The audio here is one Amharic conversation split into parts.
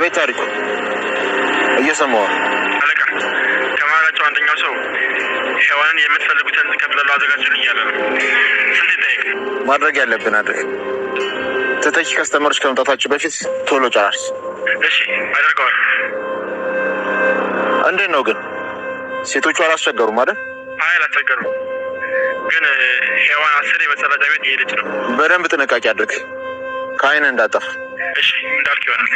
አቤት ታሪኩ እየሰማሁ አለቃ ከመሀላቸው አንደኛው ሰው ሔዋንን የምትፈልጉትን ከፍላሉ አዘጋጁልኝ እያለ ነው። ስንት ይጠይቅ? ማድረግ ያለብን አድርግ። ተተኪ ከስተመሮች ከመምጣታቸው በፊት ቶሎ ጨራርስ። እሺ አድርገዋል። እንዴት ነው ግን ሴቶቹ አላስቸገሩም አይደል? አይ አላስቸገሩም፣ ግን ሔዋን አስር የመጸዳጃ ቤት እየሄደች ነው። በደንብ ጥንቃቄ አድርግ፣ ከአይን እንዳጠፋ እሺ እንዳልክ ይሆናል።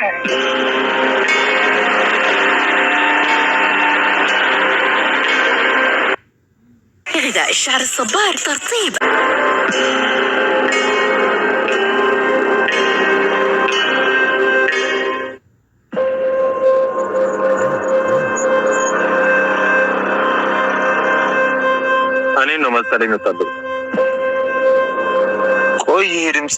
إذا الشعر الصبار ترطيب እኔን ነው መሰለኝ። ቆይ ይሄ ድምፅ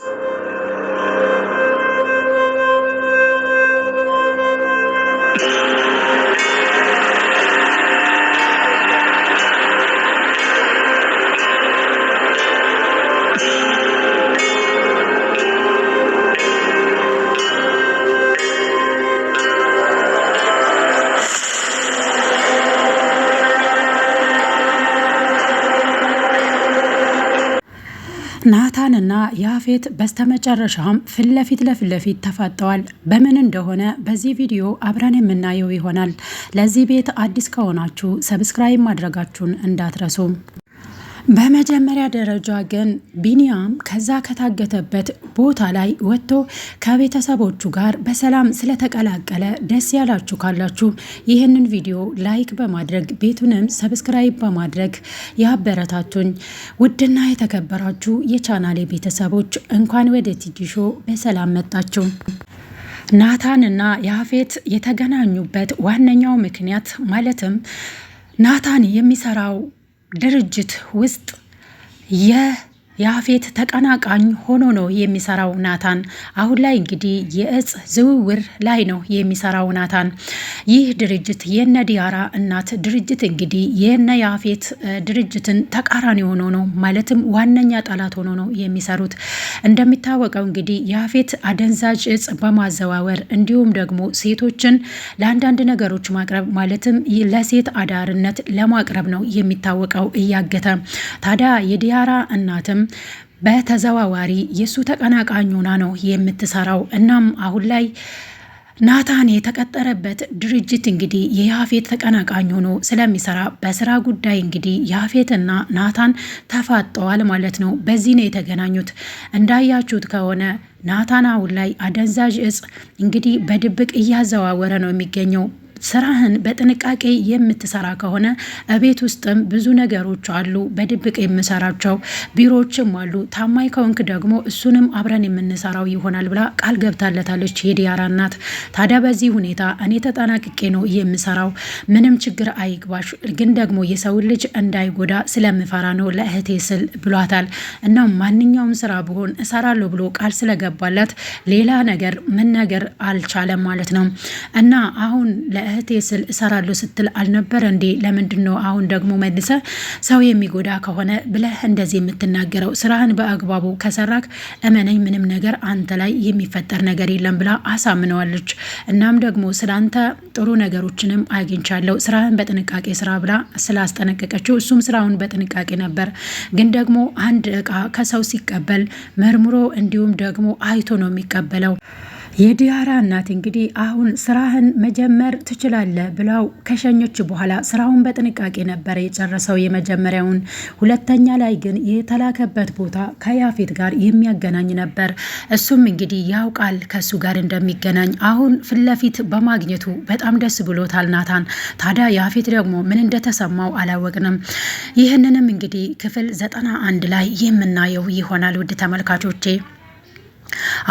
ጽዮንና ያፌት በስተመጨረሻም ፊትለፊት ለፊት ተፋጠዋል። በምን እንደሆነ በዚህ ቪዲዮ አብረን የምናየው ይሆናል። ለዚህ ቤት አዲስ ከሆናችሁ ሰብስክራይብ ማድረጋችሁን እንዳትረሱ። በመጀመሪያ ደረጃ ግን ቢኒያም ከዛ ከታገተበት ቦታ ላይ ወጥቶ ከቤተሰቦቹ ጋር በሰላም ስለተቀላቀለ ደስ ያላችሁ ካላችሁ ይህንን ቪዲዮ ላይክ በማድረግ ቤቱንም ሰብስክራይብ በማድረግ ያበረታቱኝ። ውድና የተከበራችሁ የቻናሌ ቤተሰቦች እንኳን ወደ ቲዲሾ በሰላም መጣችሁ። ናታንና ያፌት የተገናኙበት ዋነኛው ምክንያት ማለትም ናታን የሚሰራው ድርጅት ውስጥ የ የአፌት ተቀናቃኝ ሆኖ ነው የሚሰራው ናታን። አሁን ላይ እንግዲህ የእጽ ዝውውር ላይ ነው የሚሰራው ናታን። ይህ ድርጅት የነ ዲያራ እናት ድርጅት እንግዲህ የነ የአፌት ድርጅትን ተቃራኒ ሆኖ ነው ማለትም ዋነኛ ጠላት ሆኖ ነው የሚሰሩት። እንደሚታወቀው እንግዲህ የአፌት አደንዛዥ እጽ በማዘዋወር እንዲሁም ደግሞ ሴቶችን ለአንዳንድ ነገሮች ማቅረብ ማለትም ለሴት አዳርነት ለማቅረብ ነው የሚታወቀው እያገተ ታዲያ የዲያራ እናትም በተዘዋዋሪ የእሱ ተቀናቃኝ ሆና ነው የምትሰራው። እናም አሁን ላይ ናታን የተቀጠረበት ድርጅት እንግዲህ የያፌት ተቀናቃኝ ሆኖ ስለሚሰራ በስራ ጉዳይ እንግዲህ ያፌትና ናታን ተፋጠዋል ማለት ነው። በዚህ ነው የተገናኙት። እንዳያችሁት ከሆነ ናታን አሁን ላይ አደንዛዥ እጽ እንግዲህ በድብቅ እያዘዋወረ ነው የሚገኘው። ስራህን በጥንቃቄ የምትሰራ ከሆነ ቤት ውስጥም ብዙ ነገሮች አሉ፣ በድብቅ የምሰራቸው ቢሮዎችም አሉ። ታማኝ ከሆንክ ደግሞ እሱንም አብረን የምንሰራው ይሆናል ብላ ቃል ገብታለታለች የዲያራ እናት። ታዲያ በዚህ ሁኔታ እኔ ተጠናቅቄ ነው የምሰራው፣ ምንም ችግር አይግባሽ፣ ግን ደግሞ የሰው ልጅ እንዳይጎዳ ስለምፈራ ነው ለእህቴ ስል ብሏታል። እናም ማንኛውም ስራ ብሆን እሰራለሁ ብሎ ቃል ስለገባላት ሌላ ነገር መናገር አልቻለም ማለት ነው እና አሁን ለእህቴ ስል እሰራለሁ ስትል አልነበር እንዴ? ለምንድን ነው አሁን ደግሞ መልሰ ሰው የሚጎዳ ከሆነ ብለህ እንደዚህ የምትናገረው? ስራህን በአግባቡ ከሰራክ እመነኝ፣ ምንም ነገር አንተ ላይ የሚፈጠር ነገር የለም ብላ አሳምነዋለች። እናም ደግሞ ስላንተ ጥሩ ነገሮችንም አግኝቻለሁ፣ ስራህን በጥንቃቄ ስራ ብላ ስላስጠነቀቀችው እሱም ስራውን በጥንቃቄ ነበር። ግን ደግሞ አንድ እቃ ከሰው ሲቀበል መርምሮ እንዲሁም ደግሞ አይቶ ነው የሚቀበለው። የዲያራ እናት እንግዲህ አሁን ስራህን መጀመር ትችላለህ ብለው ከሸኞች በኋላ ስራውን በጥንቃቄ ነበረ የጨረሰው የመጀመሪያውን። ሁለተኛ ላይ ግን የተላከበት ቦታ ከያፌት ጋር የሚያገናኝ ነበር። እሱም እንግዲህ ያውቃል ከሱ ጋር እንደሚገናኝ። አሁን ፊት ለፊት በማግኘቱ በጣም ደስ ብሎታል ናታን። ታዲያ ያፌት ደግሞ ምን እንደተሰማው አላወቅንም። ይህንንም እንግዲህ ክፍል ዘጠና አንድ ላይ የምናየው ይሆናል ውድ ተመልካቾቼ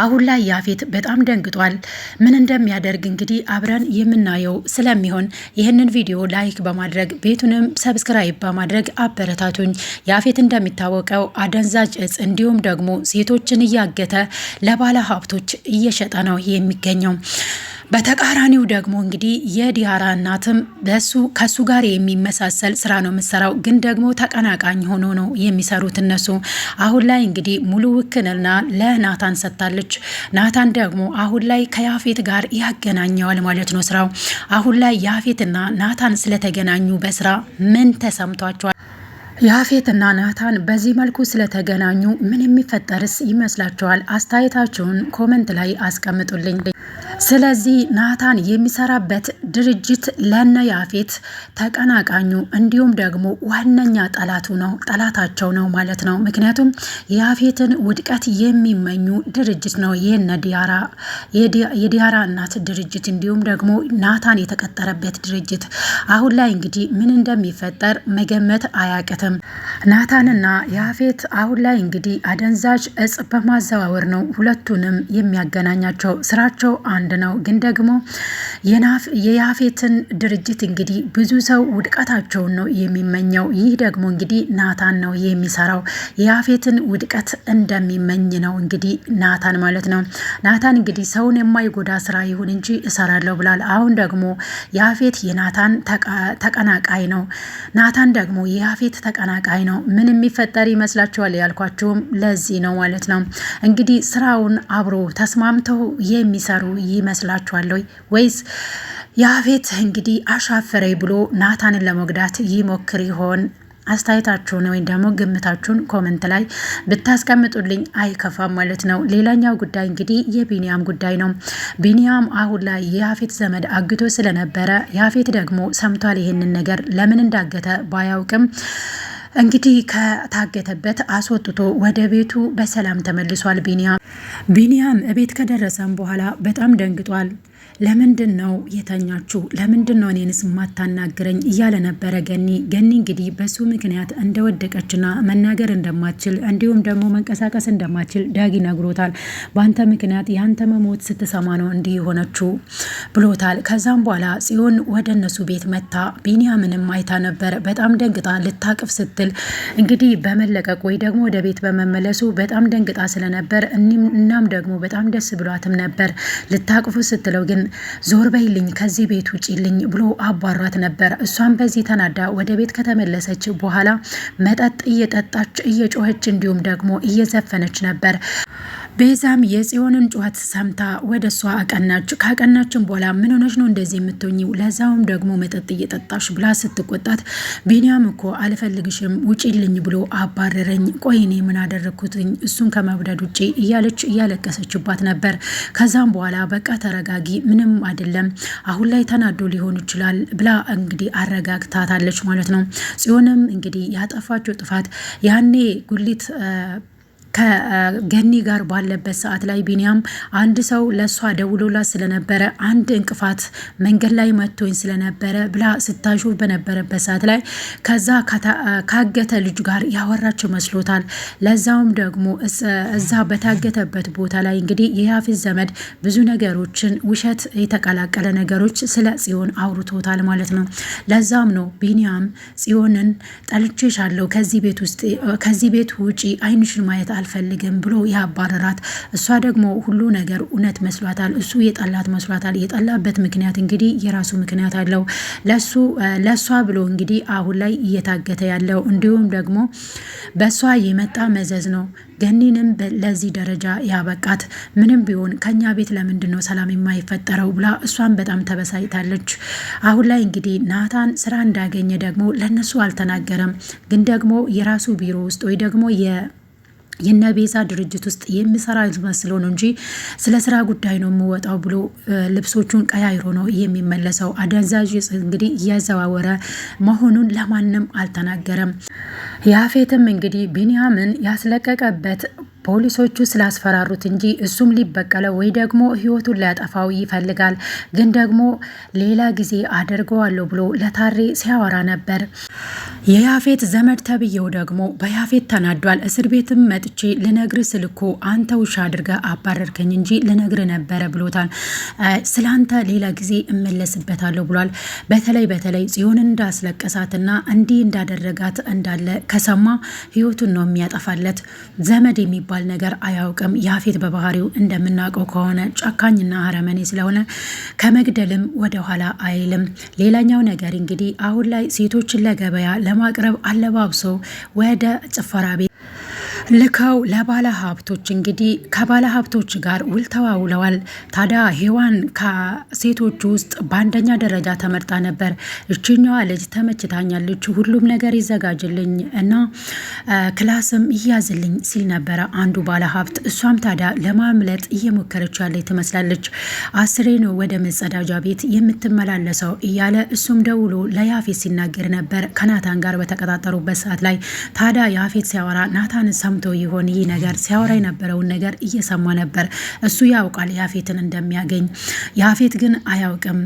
አሁን ላይ ያፌት በጣም ደንግጧል። ምን እንደሚያደርግ እንግዲህ አብረን የምናየው ስለሚሆን ይህንን ቪዲዮ ላይክ በማድረግ ቤቱንም ሰብስክራይብ በማድረግ አበረታቱኝ። ያፌት እንደሚታወቀው አደንዛዥ እጽ እንዲሁም ደግሞ ሴቶችን እያገተ ለባለ ሀብቶች እየሸጠ ነው የሚገኘው። በተቃራኒው ደግሞ እንግዲህ የዲያራ እናትም በሱ ከሱ ጋር የሚመሳሰል ስራ ነው የምትሰራው፣ ግን ደግሞ ተቀናቃኝ ሆኖ ነው የሚሰሩት እነሱ። አሁን ላይ እንግዲህ ሙሉ ውክልና ለናታን ሰጥታለች። ናታን ደግሞ አሁን ላይ ከያፌት ጋር ያገናኘዋል ማለት ነው ስራው። አሁን ላይ ያፌትና ናታን ስለተገናኙ በስራ ምን ተሰምቷቸዋል? ያፌትና ናታን በዚህ መልኩ ስለተገናኙ ምን የሚፈጠርስ ይመስላችኋል? አስተያየታችሁን ኮመንት ላይ አስቀምጡልኝ። ስለዚህ ናታን የሚሰራበት ድርጅት ለነ ያፌት ተቀናቃኙ እንዲሁም ደግሞ ዋነኛ ጠላቱ ነው ጠላታቸው ነው ማለት ነው። ምክንያቱም ያፌትን ውድቀት የሚመኙ ድርጅት ነው ይህን የዲያራ እናት ድርጅት እንዲሁም ደግሞ ናታን የተቀጠረበት ድርጅት። አሁን ላይ እንግዲህ ምን እንደሚፈጠር መገመት አያቅትም። ናታንና ያፌት አሁን ላይ እንግዲህ አደንዛዥ እጽ በማዘዋወር ነው ሁለቱንም የሚያገናኛቸው ስራቸው አንድ ነው። ግን ደግሞ የያፌትን ድርጅት እንግዲህ ብዙ ሰው ውድቀታቸውን ነው የሚመኘው። ይህ ደግሞ እንግዲህ ናታን ነው የሚሰራው። የያፌትን ውድቀት እንደሚመኝ ነው እንግዲህ ናታን ማለት ነው። ናታን እንግዲህ ሰውን የማይጎዳ ስራ ይሁን እንጂ እሰራለሁ ብላል። አሁን ደግሞ ያፌት የናታን ተቀናቃይ ነው። ናታን ደግሞ የያፌት ተቀናቃይ ነው። ምን የሚፈጠር ይመስላችኋል? ያልኳችሁም ለዚህ ነው ማለት ነው። እንግዲህ ስራውን አብሮ ተስማምተው የሚሰሩ ይመስላችኋል ወይስ ያፌት እንግዲህ አሻፈረኝ ብሎ ናታንን ለመጉዳት ይሞክር ይሆን? አስተያየታችሁን ወይም ደግሞ ግምታችሁን ኮመንት ላይ ብታስቀምጡልኝ አይከፋም ማለት ነው። ሌላኛው ጉዳይ እንግዲህ የቢኒያም ጉዳይ ነው። ቢኒያም አሁን ላይ የያፌት ዘመድ አግቶ ስለነበረ ያፌት ደግሞ ሰምቷል። ይህንን ነገር ለምን እንዳገተ ባያውቅም እንግዲህ ከታገተበት አስወጥቶ ወደ ቤቱ በሰላም ተመልሷል። ቢኒያም ቢኒያም ቤት ከደረሰም በኋላ በጣም ደንግጧል። ለምንድን ነው የተኛችሁ? ለምንድን ነው እኔንስ ማታናግረኝ? እያለ ነበረ ገኒ። ገኒ እንግዲህ በሱ ምክንያት እንደወደቀችና መናገር እንደማትችል እንዲሁም ደግሞ መንቀሳቀስ እንደማትችል ዳጊ ነግሮታል። በአንተ ምክንያት የአንተ መሞት ስትሰማ ነው እንዲህ የሆነችው ብሎታል። ከዛም በኋላ ጽዮን ወደ እነሱ ቤት መታ ቢኒያምንም አይታ ነበር። በጣም ደንግጣ ልታቅፍ ስትል እንግዲህ በመለቀቅ ወይ ደግሞ ወደ ቤት በመመለሱ በጣም ደንግጣ ስለነበር እናም ደግሞ በጣም ደስ ብሏትም ነበር ልታቅፉ ስትለው ግን ዞር በይልኝ ከዚህ ቤት ውጪልኝ ብሎ አባሯት ነበር። እሷም በዚህ ተናዳ ወደ ቤት ከተመለሰች በኋላ መጠጥ እየጠጣች እየጮኸች እንዲሁም ደግሞ እየዘፈነች ነበር። ቤዛም የጽዮንን ጩኸት ሰምታ ወደ እሷ አቀናች። ካቀናችን በኋላ ምን ሆነች ነው እንደዚህ የምትኝው? ለዛውም ደግሞ መጠጥ እየጠጣሽ ብላ ስትቆጣት ቢንያም እኮ አልፈልግሽም ውጪልኝ ብሎ አባረረኝ። ቆይ እኔ ምን አደረግኩትኝ እሱን ከመውደድ ውጪ እያለች እያለቀሰችባት ነበር። ከዛም በኋላ በቃ ተረጋጊ፣ ምንም አይደለም፣ አሁን ላይ ተናዶ ሊሆን ይችላል ብላ እንግዲህ አረጋግታታለች ማለት ነው። ጽዮንም እንግዲህ ያጠፋችው ጥፋት ያኔ ጉሊት ከገኒ ጋር ባለበት ሰዓት ላይ ቢኒያም አንድ ሰው ለእሷ ደውሎላት ስለነበረ አንድ እንቅፋት መንገድ ላይ መቶኝ ስለነበረ ብላ ስታሹ በነበረበት ሰዓት ላይ ከዛ ካገተ ልጅ ጋር ያወራቸው መስሎታል። ለዛውም ደግሞ እዛ በታገተበት ቦታ ላይ እንግዲህ የያፌት ዘመድ ብዙ ነገሮችን ውሸት የተቀላቀለ ነገሮች ስለ ጽዮን አውርቶታል ማለት ነው። ለዛም ነው ቢኒያም ጽዮንን ጠልቼሻለሁ፣ ከዚህ ቤት ውስጥ ከዚህ ቤት ውጪ አይንሽን ማየት አለ አልፈልግም ብሎ ያባረራት። እሷ ደግሞ ሁሉ ነገር እውነት መስሏታል፣ እሱ የጠላት መስሏታል። የጠላበት ምክንያት እንግዲህ የራሱ ምክንያት አለው። ለሱ ለሷ ብሎ እንግዲህ አሁን ላይ እየታገተ ያለው እንዲሁም ደግሞ በሷ የመጣ መዘዝ ነው። ገኒንም ለዚህ ደረጃ ያበቃት ምንም ቢሆን ከኛ ቤት ለምንድን ነው ሰላም የማይፈጠረው ብላ እሷን በጣም ተበሳጭታለች። አሁን ላይ እንግዲህ ናታን ስራ እንዳገኘ ደግሞ ለነሱ አልተናገረም፣ ግን ደግሞ የራሱ ቢሮ ውስጥ ወይ ደግሞ የነ ቤዛ ድርጅት ውስጥ የሚሰራ ይመስለው ነው እንጂ ስለ ስራ ጉዳይ ነው የምወጣው ብሎ ልብሶቹን ቀያይሮ ነው የሚመለሰው። አደንዛዥ እንግዲህ እያዘዋወረ መሆኑን ለማንም አልተናገረም። ያፌትም እንግዲህ ቢንያምን ያስለቀቀበት ፖሊሶቹ ስላስፈራሩት እንጂ እሱም ሊበቀለው ወይ ደግሞ ህይወቱን ሊያጠፋው ይፈልጋል። ግን ደግሞ ሌላ ጊዜ አደርገዋለሁ ብሎ ለታሬ ሲያወራ ነበር። የያፌት ዘመድ ተብዬው ደግሞ በያፌት ተናዷል። እስር ቤትም መጥቼ ልነግር ስልኮ አንተ ውሻ አድርገ አባረርከኝ እንጂ ልነግር ነበረ ብሎታል። ስላንተ ሌላ ጊዜ እመለስበታለሁ ብሏል። በተለይ በተለይ ጽዮንን እንዳስለቀሳትና እንዲህ እንዳደረጋት እንዳለ ከሰማ ህይወቱን ነው የሚያጠፋለት። ዘመድ የሚባል ነገር አያውቅም። ያፌት በባህሪው እንደምናውቀው ከሆነ ጨካኝና አረመኔ ስለሆነ ከመግደልም ወደኋላ አይልም። ሌላኛው ነገር እንግዲህ አሁን ላይ ሴቶችን ለገበያ ለማቅረብ አለባብሶ ወደ ጭፈራ ቤት ልከው ለባለ ሀብቶች እንግዲህ ከባለ ሀብቶች ጋር ውል ተዋውለዋል። ታዲያ ሄዋን ከሴቶች ውስጥ በአንደኛ ደረጃ ተመርጣ ነበር። እችኛዋ ልጅ ተመችታኛለች፣ ሁሉም ነገር ይዘጋጅልኝ እና ክላስም ይያዝልኝ ሲል ነበረ አንዱ ባለ ሀብት። እሷም ታዲያ ለማምለጥ እየሞከረች ያለች ትመስላለች። አስሬ ነው ወደ መጸዳጃ ቤት የምትመላለሰው እያለ እሱም ደውሎ ለያፌት ሲናገር ነበር ከናታን ጋር በተቀጣጠሩበት ሰዓት ላይ ታዲያ ያፌት ሲያወራ ናታን ሰምቶ ይሆን ይህ ነገር ሲያወራ የነበረውን ነገር እየሰማ ነበር። እሱ ያውቃል ያፌትን እንደሚያገኝ፣ ያፌት ግን አያውቅም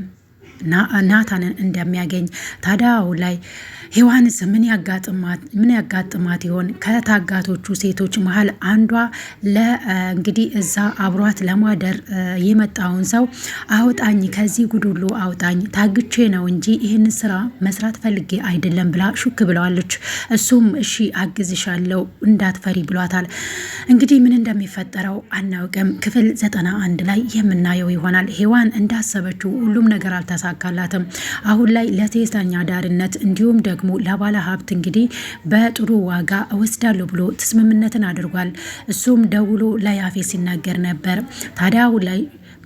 ናታንን እንደሚያገኝ ታዲያ አሁን ላይ ሔዋንስ ምን ያጋጥማት ይሆን? ከታጋቶቹ ሴቶች መሀል አንዷ ለእንግዲህ እዛ አብሯት ለማደር የመጣውን ሰው አውጣኝ፣ ከዚህ ጉዱሉ አውጣኝ፣ ታግቼ ነው እንጂ ይህን ስራ መስራት ፈልጌ አይደለም ብላ ሹክ ብለዋለች። እሱም እሺ አግዝሻለው እንዳትፈሪ ብሏታል። እንግዲህ ምን እንደሚፈጠረው አናውቅም። ክፍል ዘጠና አንድ ላይ የምናየው ይሆናል። ሔዋን እንዳሰበችው ሁሉም ነገር አልተሳካላትም። አሁን ላይ ለሴተኛ ዳርነት እንዲሁም ደግሞ ደግሞ ለባለ ሀብት እንግዲህ በጥሩ ዋጋ እወስዳለሁ ብሎ ስምምነትን አድርጓል። እሱም ደውሎ አፌ ሲናገር ነበር። ታዲያ ላይ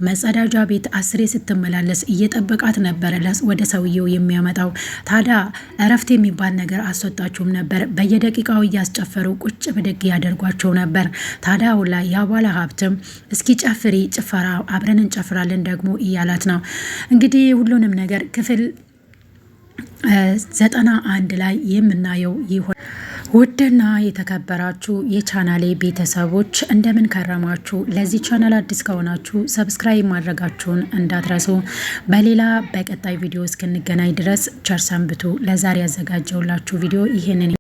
መጸዳጃ ቤት አስሬ ስትመላለስ እየጠበቃት ነበረ ወደ ሰውየው የሚያመጣው። ታዲያ እረፍት የሚባል ነገር አስወጣችሁም ነበር። በየደቂቃው እያስጨፈሩ ቁጭ ብድግ ያደርጓቸው ነበር። ታዲያ አሁን ላይ የአባላ ሀብትም እስኪ ጨፍሪ፣ ጭፈራ አብረን እንጨፍራለን ደግሞ እያላት ነው እንግዲህ ሁሉንም ነገር ክፍል ዘጠና አንድ ላይ የምናየው ይሆን። ውድና የተከበራችሁ የቻናሌ ቤተሰቦች እንደምን ከረማችሁ? ለዚህ ቻናል አዲስ ከሆናችሁ ሰብስክራይብ ማድረጋችሁን እንዳትረሱ። በሌላ በቀጣይ ቪዲዮ እስክንገናኝ ድረስ ቸር ሰንብቱ። ለዛሬ ያዘጋጀውላችሁ ቪዲዮ ይህንን